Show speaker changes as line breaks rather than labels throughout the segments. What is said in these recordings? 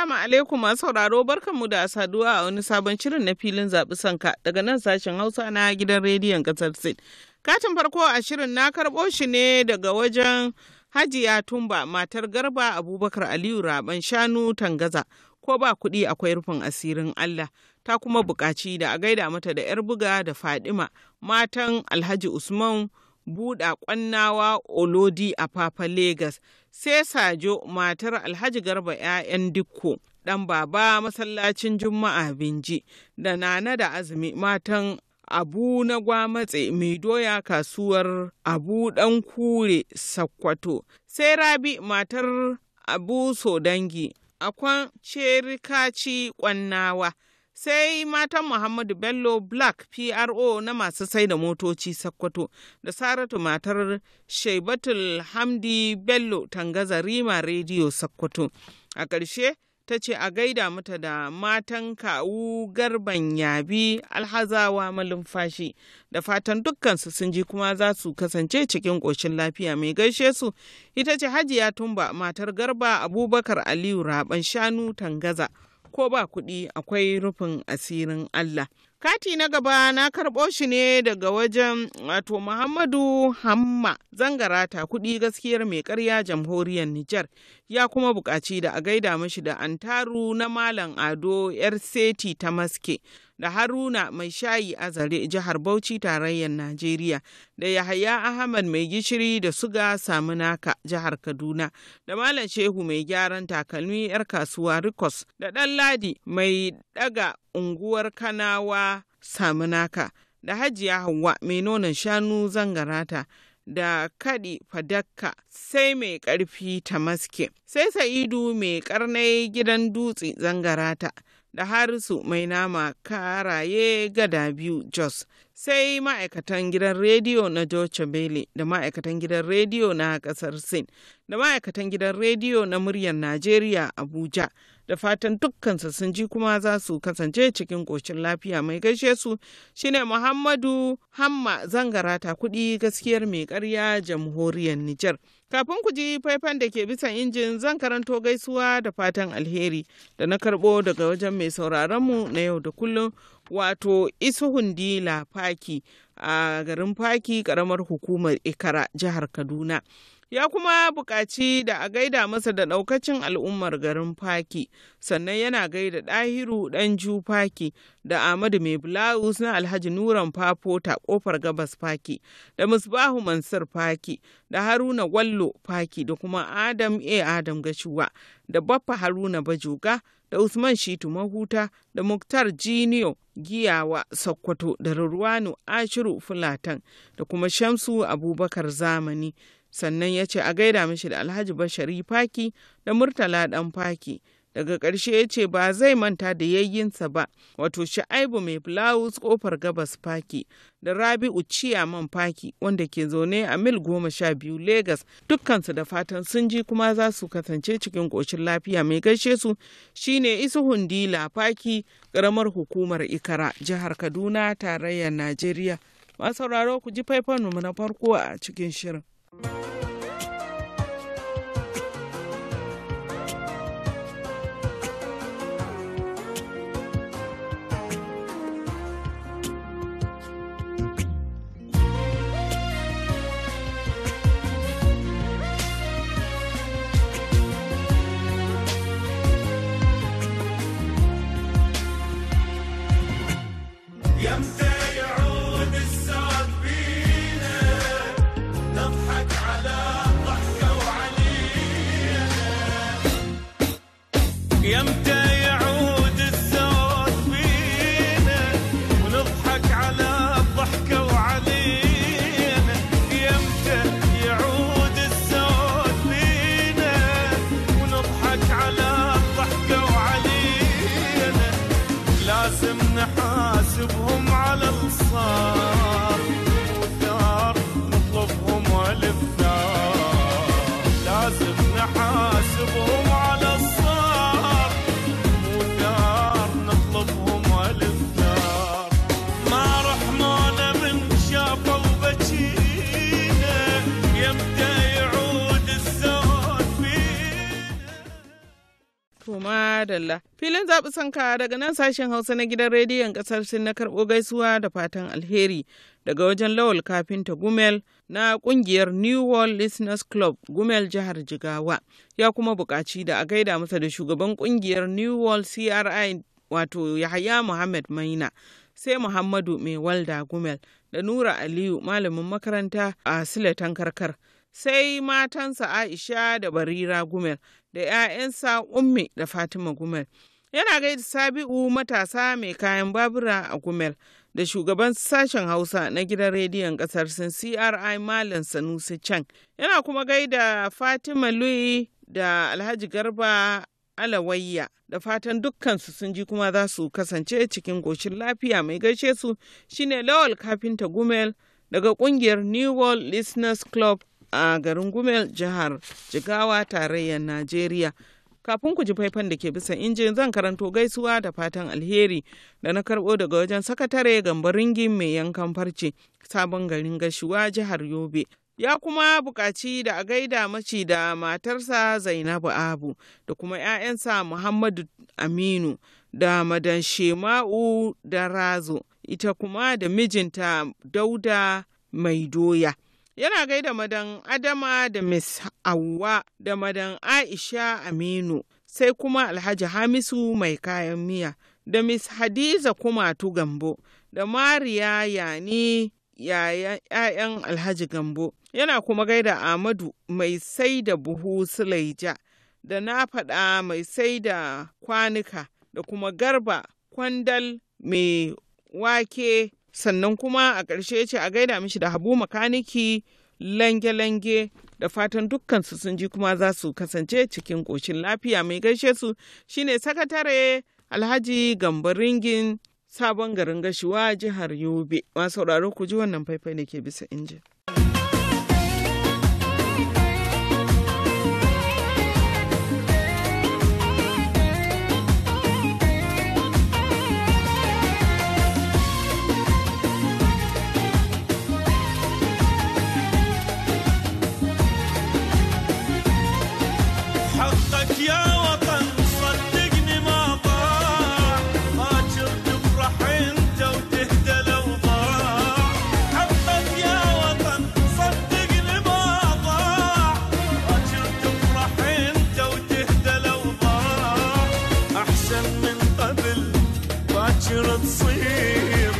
Assalamu alaikum masu sauraro barkanmu da saduwa a wani sabon shirin na filin zaɓi sanka daga nan sashen Hausa na gidan rediyon ƙasar Sin. Katin farko a shirin na karɓo shi ne daga wajen Hajiya Tumba matar Garba Abubakar Aliyu Raban Shanu Tangaza ko ba kuɗi akwai rufin asirin Allah ta kuma buƙaci da a gaida mata da 'yar buga da Fadima matan Alhaji Usman Buɗa Ƙwannawa Olodi a papa lagos. sai sajo matar alhaji garba 'ya'yan dukko, ɗan baba masallacin juma'a binji da nana da azumi matan abu na gwamatse mai doya kasuwar abu ɗan kure sakkwato sai rabi matar abu sodangi akwan cerikaci kwannawa sai matan Muhammadu Bello Black PRO na masu sai da motoci Sakkwato da Saratu matar Shaibatul Hamdi Bello Tangaza Rima Radio Sakkwato. A ƙarshe ta ce a gaida mata da matan kawu garban yabi alhazawa malumfashi da fatan dukkansu sun ji kuma za su kasance cikin ƙoshin lafiya mai gaishe su ita ce hajiya tumba matar garba abubakar aliyu raban shanu tangaza ko ba kuɗi akwai rufin asirin Allah. Kati na gaba na karɓo shi ne daga wajen wato Muhammadu Hamma zangarata kuɗi gaskiyar mai karya jamhuriyar Nijar ya kuma buƙaci da a gaida mashi da antaru na Malam Ado 'yar seti ta maske. da Haruna mai shayi a Zare jihar Bauchi tarayyar Najeriya da Yahaya Ahmad mai gishiri da Suga Samunaka jihar Kaduna da Malam Shehu mai gyaran takalmi 'yar kasuwa Rikos da Ɗanladi mai daga unguwar Kanawa Samunaka da Hajiya Hauwa mai nonon shanu zangarata da kaɗi fadakka sai mai ƙarfi ta maske sai sa'idu mai ƙarnai gidan dutse zangarata da harisu mai nama karaye gada biyu jos sai ma'aikatan gidan rediyo na George Welle da ma'aikatan gidan rediyo na ƙasar Sin da ma'aikatan gidan rediyo na muryar Najeriya Abuja da fatan dukkansa sun ji kuma za su kasance cikin ƙoshin lafiya mai gaishe su shine muhammadu hamma zangara ta kuɗi gaskiyar mai ƙarya jamhuriyar nijar kafin ku ji faifan da ke bisa injin zan karanto gaisuwa da fatan alheri da na karɓo daga wajen mai sauraronmu na yau da kullum wato isuhun paki faki a garin faki ƙaramar hukumar ikara jihar kaduna ya kuma buƙaci da a gaida masa da ɗaukacin al'ummar garin Faki, sannan yana gaida ɗahiru ɗan ju Faki da Ahmadu Mai Bulawus na Alhaji Nuran Fafota ƙofar gabas Faki, da Musbahu Mansur Faki, da Haruna Wallo Faki, da kuma Adam A. Adam Gashuwa, da Baffa Haruna Bajuga, da Usman Shitu Mahuta, da Muktar Jiniyo Giyawa Sokoto, da Ruwanu Ashiru Fulatan, da kuma Shamsu Abubakar Zamani. sannan ya ce a gaida mishi da alhaji bashari faki da murtala dan faki daga ƙarshe ya ce ba zai manta da yayyinsa ba wato sha'aibu mai blouse kofar gabas faki da rabi'u ciyaman faki wanda ke zaune a mil goma sha biyu Legas dukkansu da fatan sun ji kuma za su kasance cikin ƙoshin lafiya mai gaishe su shine isu dila faki ƙaramar hukumar ikara jihar kaduna tarayyar najeriya masu sauraro ku ji faifan mu na farko a cikin shirin Thank you. To madalla. Filin zaɓi sanka daga nan sashen Hausa na gidan rediyon ƙasar sun na karɓo gaisuwa da fatan alheri daga wajen Lawal Kafinta Gumel na ƙungiyar New World Listeners Club Gumel jihar Jigawa. Ya kuma buƙaci da a gaida masa da shugaban ƙungiyar New World CRI wato Yahaya Muhammad Maina. sai Muhammadu Mai Walda Gumel da Nura Aliyu malamin makaranta a siletan Karkar. Sai matansa Aisha da Barira Gumel da 'ya'yansa ummi da fatima gumel yana gaida sabi'u matasa mai kayan babura a gumel da shugaban sashen hausa na gidan rediyon kasar sun cri malam sanusi chan yana kuma gaida fatima lui da alhaji garba alawayya da fatan dukkansu sun ji kuma za su kasance cikin goshin lafiya mai gaishe su shine lawal kafinta gumel daga kungiyar new world listeners club a garin Gumel jihar Jigawa tarayyar Najeriya. Kafin ku ji faifan da ke bisa injin zan karanto gaisuwa da fatan alheri da na karbo daga wajen sakatare gambaringin mai yankan farce sabon garin gashuwa jihar Yobe. ya kuma buƙaci da a gaida mace da matarsa Zainabu Abu da kuma 'ya'yansa Muhammadu Aminu da madan Shema'u da Razo, ita kuma da mijinta Dauda Mai Doya. Yana gaida madan Adama da Miss Hauwa da madan Aisha Aminu sai kuma Alhaji Hamisu mai kayan miya da Miss Hadiza Kumatu Gambo da Mariya Yani ‘ya'yan Alhaji Gambo. Yana kuma gaida Ahmadu mai sai da buhu Sulaija da na faɗa mai sai da kwanuka da kuma garba kwandal mai wake sannan kuma a ƙarshe ya ce a gaida mishi da habu makaniki lange-lange da fatan dukkan su sun ji kuma za su kasance cikin ƙoshin lafiya mai gaishe su shine sakatare alhaji ringin sabon garin gashiwa jihar yobe masu sauraro ku ji wannan faifai ne ke bisa injin.
بكرة تصير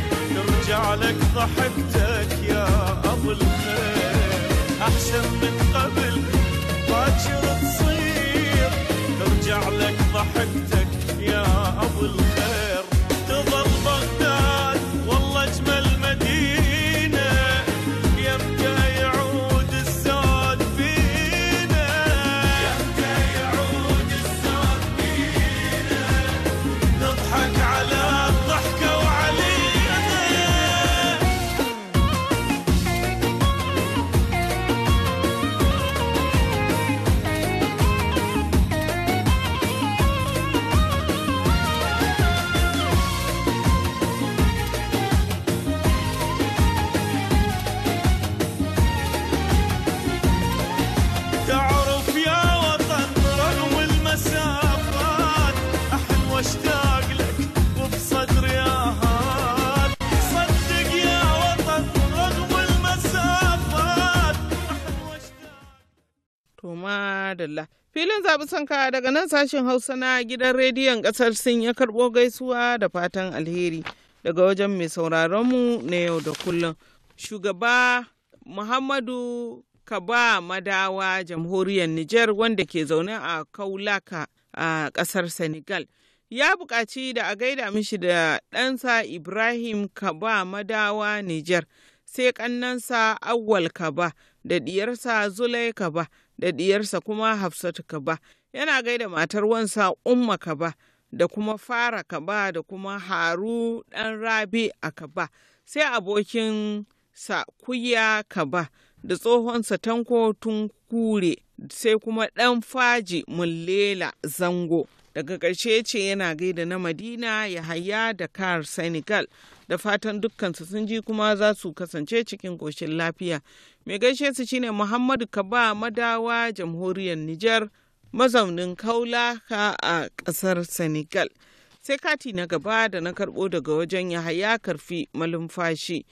ترجع لك ضحكتك يا أبو الخير أحسن من
madalla. Filin zaɓi sanka daga nan sashen Hausa na gidan rediyon ƙasar Sin ya karɓo gaisuwa da fatan alheri daga wajen mai sauraronmu na yau da kullum. Shugaba Muhammadu Kaba Madawa jamhuriyar Nijar wanda ke zaune a Kaulaka a ƙasar Senegal. Ya bukaci da a gaida mishi da ɗansa Ibrahim Kaba Madawa Nijar sai ƙannansa Awwal Kaba da ɗiyarsa Zulai Kaba da diyarsa kuma Hafsatu Kaba yana gaida matar wansa Umma Kaba da kuma Fara Kaba da kuma Haru ɗan Rabi a Kaba sai abokin sa Kuya Kaba da tsohonsa Tanko Kure sai kuma ɗan Faji Mullela Zango daga ƙarshe ce yana gaida na madina ya haya da kar senegal da fatan dukkansu sun ji kuma za su kasance cikin ƙoshin lafiya mai gaishe su shine muhammadu kaba madawa jamhuriyar niger mazaunin kaula a ƙasar senegal sai kati na gaba da na karɓo daga wajen ya haya karfi malumfashi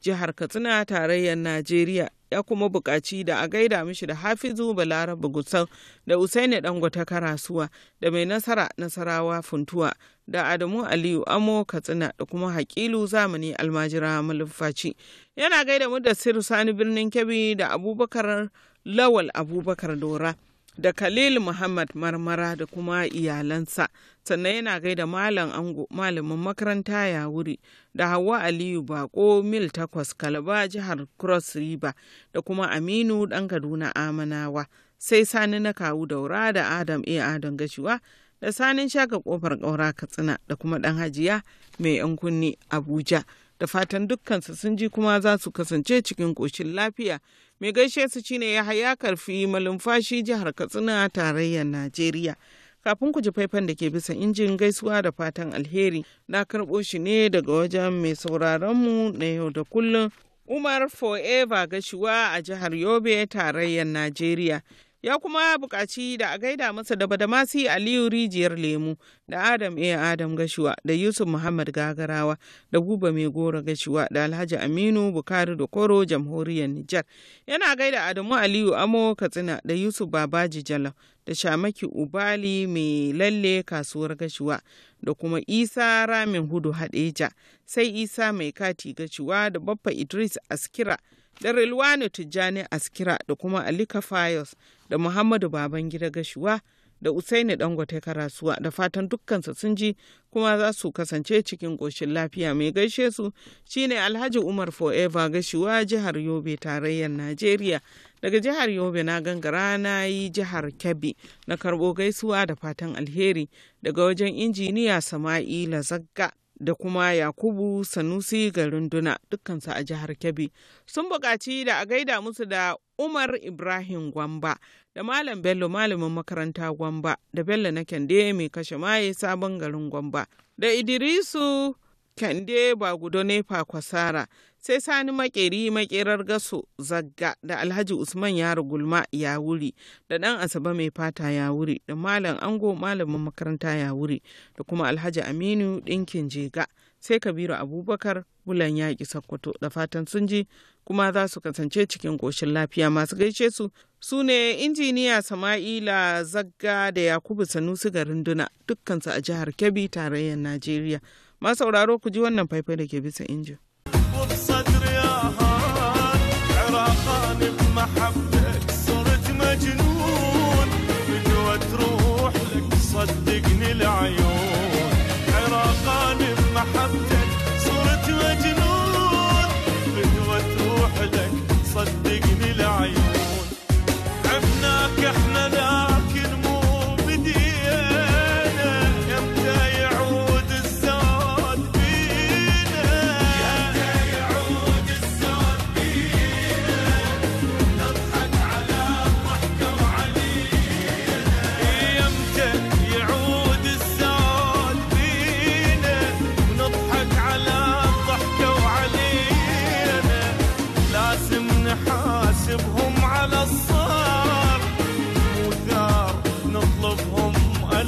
jihar katsina tarayyar najeriya ya kuma buƙaci da a gaida mishi da hafizu Balarabu gusau da usaini dangote karasuwa da mai nasara nasarawa funtuwa da adamu aliyu amo katsina da kuma hakilu zamani almajira malumfaci yana gaida mu da sani birnin kebbi da abubakar lawal abubakar dora da Khalil Muhammad Marmara da kuma iyalansa sannan yana gaida Malam Ango malamin makaranta ya wuri da Hauwa Aliyu Bako mil takwas Kalaba jihar Cross River da kuma Aminu ɗan Kaduna Amanawa sai Sani na kawu daura da Adam A. Adam gashiwa da Sanin Shaka kofar ƙaura Katsina da kuma ɗan Hajiya mai 'yan kunni Abuja. da fatan dukkansu sun ji kuma za su kasance cikin ƙoshin lafiya. Mai gaishe su shine ya haya karfi malumfashi jihar Katsina tarayyar Najeriya. Kafin ku ji faifan da ke bisa injin gaisuwa da fatan alheri, na karɓo shi ne daga wajen mai sauraronmu na yau da kullum Umar Forever Gashuwa a jihar Yobe tarayyar Najeriya. ya kuma buƙaci da a gaida masa da badamasi aliyu rijiyar lemu da adam a adam gashuwa da yusuf muhammad gagarawa da guba mai goro gashuwa da alhaji aminu bukari da koro jamhuriyar nijar yana gaida adamu aliyu amo katsina da yusuf babaji jalau da shamaki ubali mai lalle kasuwar gashuwa da kuma isa ramin hudu hadeja sai isa mai kati gashuwa da baffa idris askira da rilwani tijjani askira da kuma alika fayos da Muhammadu Babangida Gashuwa da Usaini Dangote Karasuwa da fatan dukkansa sun ji kuma za su kasance cikin ƙoshin lafiya mai gaishe su shine Alhaji Umar Forever Gashuwa jihar Yobe tarayyar Najeriya daga jihar Yobe na gangara na yi jihar Kebbi na karbo gaisuwa da fatan alheri daga wajen injiniya Sama'ila Zagga da kuma Yakubu Sanusi garin Duna dukkansa a jihar Kebbi sun buƙaci da a gaida musu da Umar Ibrahim Gwamba da Malam Bello malamin makaranta Gwamba da Bello na Kande mai kashe maye sabon garin Gwamba da Idrisu Kande Bagudo Nefa Kwasara sai Sani Makeri Makerar Gaso Zagga da Alhaji Usman Yaro Gulma ya wuri da ɗan Asaba mai fata ya wuri da Malam Ango malamin makaranta ya wuri da kuma Alhaji Aminu Ɗinkin Jega sai Kabiru Abubakar Bulan Yaƙi sokoto da fatan sun ji kuma za su kasance cikin ƙoshin lafiya masu gaishe su su ne injiniya sama'ila zagga da yakubu sanusi garin duna dukkansu a jihar kebbi tarayyar najeriya masu sauraro ku ji wannan faifai da ke bisa injin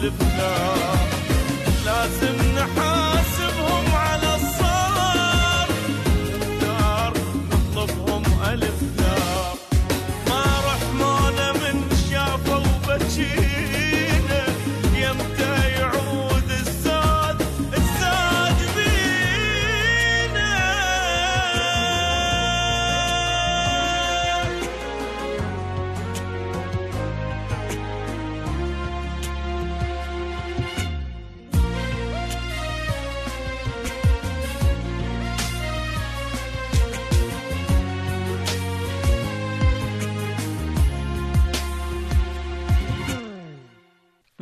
live now.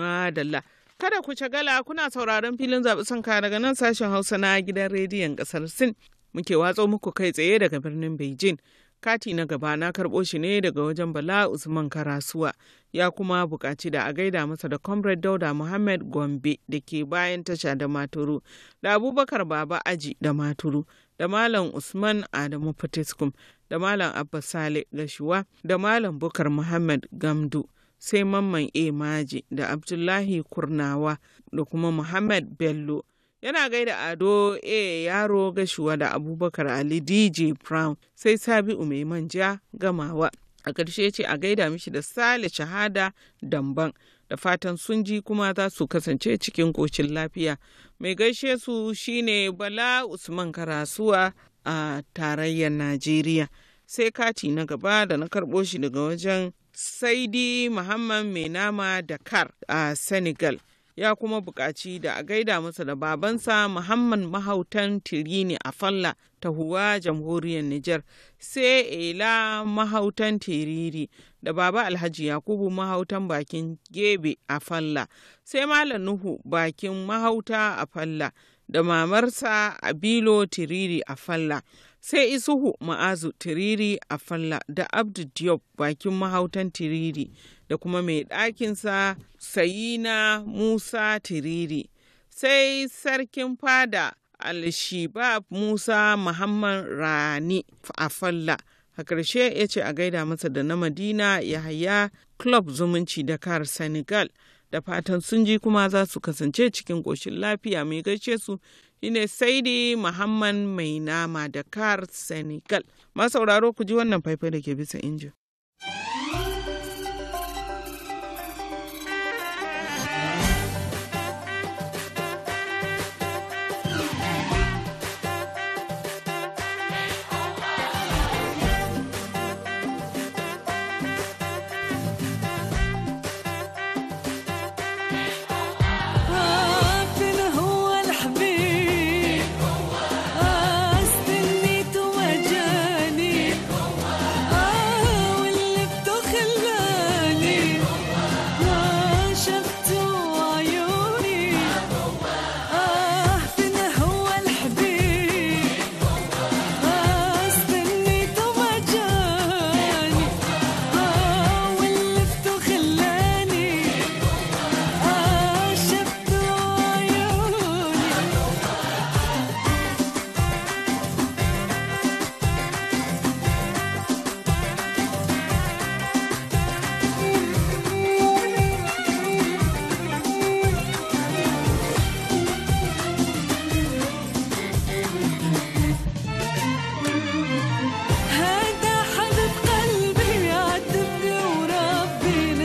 Madalla. Kada ku shagala kuna sauraron filin zaɓi sanka daga nan sashen Hausa na gidan rediyon ƙasar Sin. Muke watso muku kai tsaye daga birnin Beijing. Kati na gaba na karɓo shi ne daga wajen Bala Usman Karasuwa. Ya kuma buƙaci da a gaida masa da Comrade Dauda Muhammad Gombe da ke bayan tasha da Maturu, da Abubakar Baba Aji da Maturu, da Malam Usman Adamu Fatiskum, da Malam abbas Sale Gashuwa, da Malam Bukar Muhammad Gamdu. sai Mamman A. Maji da Abdullahi Kurnawa da kuma Muhammad Bello. Yana gaida Ado A. Yaro Gashuwa da Abubakar Ali DJ Brown sai Sabi'u Mai Manja Gamawa. A ƙarshe ce a gaida mishi da Sale Shahada Damban. da fatan sun ji kuma za su kasance cikin kocin lafiya. Mai gaishe su shine Bala Usman Karasuwa a tarayyar Najeriya. Sai kati na gaba da na karɓo shi daga wajen Saidi Muhammad mai nama Dakar a Senegal. Ya kuma buƙaci da a gaida masa da babansa Muhammad Mahautan Tirini a Falla ta huwa jamhuriyar Nijar sai Ela Mahautan Tiriri da baba Alhaji Yakubu Mahautan bakin Gebe a Falla sai Malam Nuhu bakin Mahauta a Falla da mamarsa Abilo Tiriri a Falla. sai isuhu ma'azu tiriri a falla da abdu diop bakin mahautan tiriri da kuma mai ɗakinsa sayina musa tiriri sai sarkin fada alshibab musa muhammad rani a falla a ƙarshe ya ce a gaida masa da na madina ya haya club zumunci dakar senegal da fatan sun ji kuma za su kasance cikin ƙoshin lafiya mai gaishe su shine Saidi Muhammad Mai Nama Dakar, Senegal. Masauraro ku ji wannan faifan da ke bisa injin.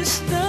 Just the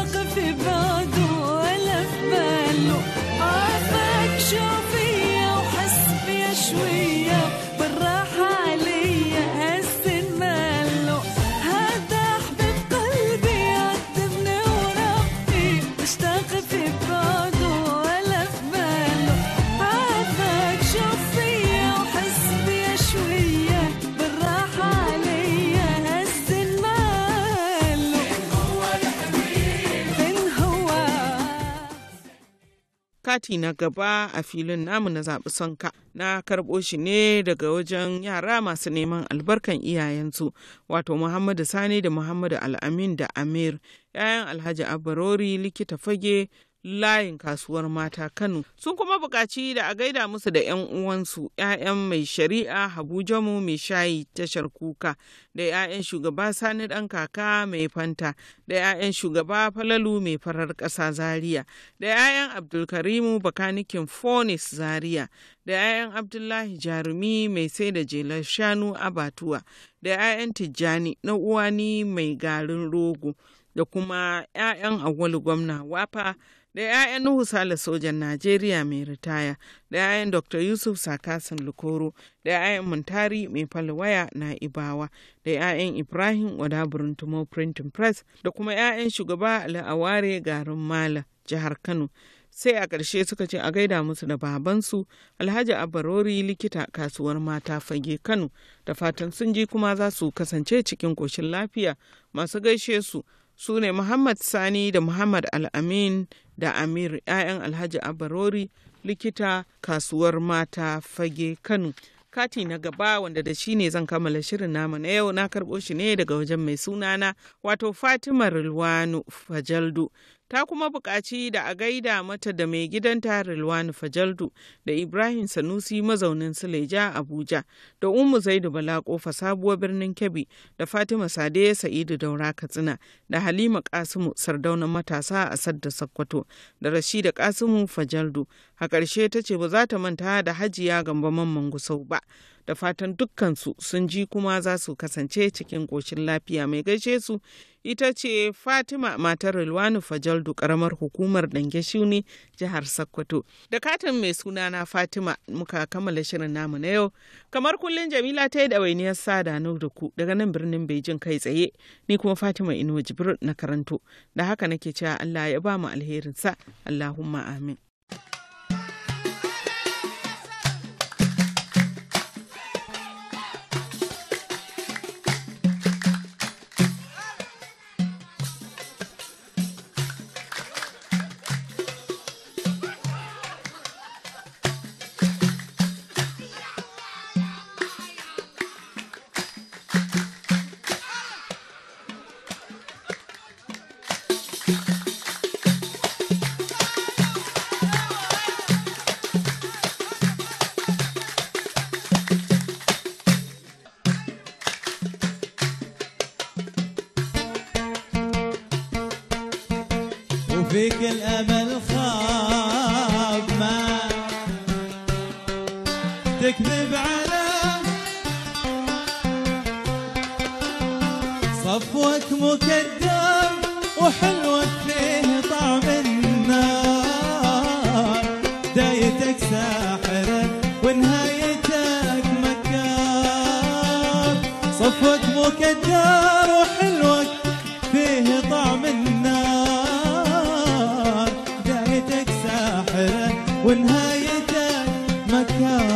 kati na gaba a filin namu na zaɓi sonka na karɓo shi ne daga wajen yara masu neman albarkan iyayensu wato muhammadu sani da muhammadu al'amin da amir yayan alhaji abarori likita fage layin kasuwar mata Kano. Sun kuma buƙaci da a gaida musu da 'yan uwansu 'ya'yan mai shari'a Habu Jamu mai shayi tashar kuka da 'ya'yan shugaba Sani ɗan kaka mai fanta da 'ya'yan shugaba Falalu mai farar ƙasa Zaria da 'ya'yan Abdulkarimu bakanikin Fonis Zaria da 'ya'yan Abdullahi Jarumi mai sai da jelar shanu Abatuwa da 'ya'yan Tijjani na uwani mai garin rogo da kuma 'ya'yan Awwalu gwamna wafa da 'ya'yan Nuhu Sale sojan Najeriya mai ritaya, da 'ya'yan Dr. Yusuf Sakasin Lukoro, da 'ya'yan Muntari mai falwaya na Ibawa, da 'ya'yan Ibrahim Wadaburin Tumo Printing Press, da kuma 'ya'yan shugaba Al'aware garin Mala, jihar Kano. sai a ƙarshe suka ce a gaida musu da babansu alhaji abarori likita kasuwar mata fage kano da fatan sun ji kuma za su kasance cikin ƙoshin lafiya masu gaishe su su ne Muhammad Sani da Muhammad Al Al'amin da Amir 'ya'yan Alhaji Abarori likita kasuwar mata fage Kano. Kati na gaba wanda da shi ne zan kammala shirin namu na yau na karɓo shi ne daga wajen mai sunana wato fatima Rilwanu Fajaldu ta kuma buƙaci da a gaida mata da mai gidanta Rilwani Fajaldu da Ibrahim Sanusi mazaunin Suleja Abuja da umu Zaidu Bala kofa sabuwar birnin Kebbi da Fatima Sade Sa'idu Daura Katsina da Halima Kasimu sardaunan matasa a Sadda Sakkwato da Rashida Kasimu Fajaldu a ƙarshe ta ce ba za ta manta da Hajiya gamba Mamman Gusau ba. da fatan dukkansu sun ji kuma za su kasance cikin ƙoshin lafiya mai gaishe su ita ce Fatima matar Rilwanu Fajaldu karamar hukumar Dangeshuni jihar Sokoto. Da katin mai suna na Fatima muka kammala shirin namu na yau. Kamar kullum Jamila ta yi ɗawainiyar sada na da ku daga nan birnin beijing kai tsaye. Ni kuma Fatima Inuwa Jibril na karanto. Da haka nake cewa Allah ya ba mu alherinsa. Allahumma amin.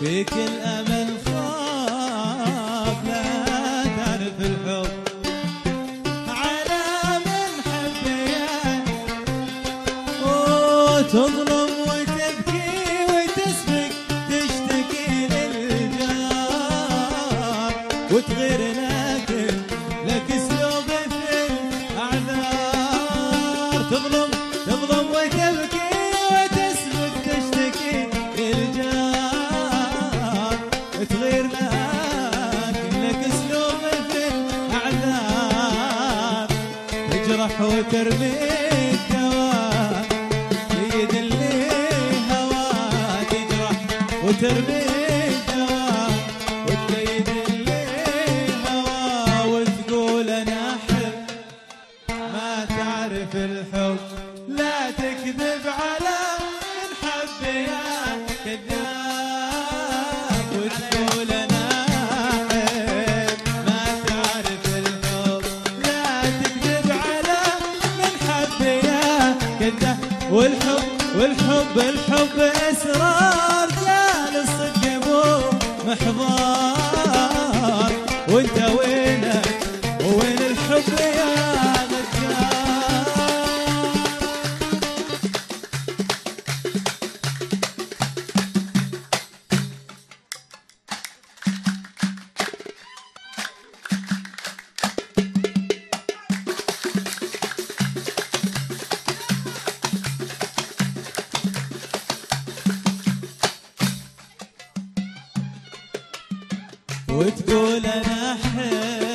فيك الامل خاف لا تعرف الحب على من حبيت وتظلم terminar. وتقول انا احب